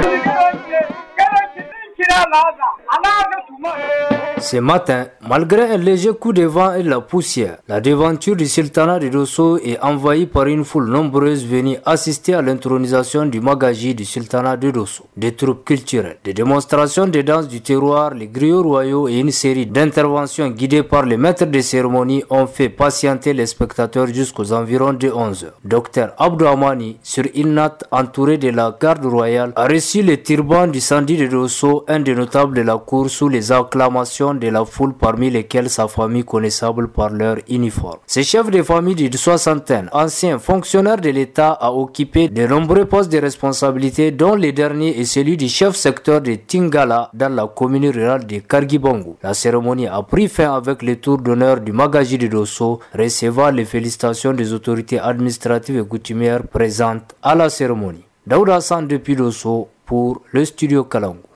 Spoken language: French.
Gẹ́gẹ́ bí ní ìṣẹ̀lẹ̀ àlàáfà, aláàfẹ́ tùmọ̀. Ce matin, malgré un léger coup de vent et la poussière, la devanture du sultanat de Dosso est envahie par une foule nombreuse venue assister à l'intronisation du magaji du sultanat de Dosso. Des troupes culturelles, des démonstrations de danse du terroir, les griots royaux et une série d'interventions guidées par les maîtres de cérémonie ont fait patienter les spectateurs jusqu'aux environs de 11h. Docteur Abdou Amani, sur une entouré de la garde royale, a reçu le turban du Sandi de Dosso, un des notables de la cour, sous les acclamations de la foule parmi lesquelles sa famille connaissable par leur uniforme. Ce chef de famille de soixantaine, anciens fonctionnaires de l'État, a occupé de nombreux postes de responsabilité dont le dernier est celui du chef secteur de Tingala dans la commune rurale de Kargibongo. La cérémonie a pris fin avec le tour d'honneur du Magaji de Dosso, recevant les félicitations des autorités administratives et coutumières présentes à la cérémonie. Daouda San depuis Dosso pour le studio Kalango.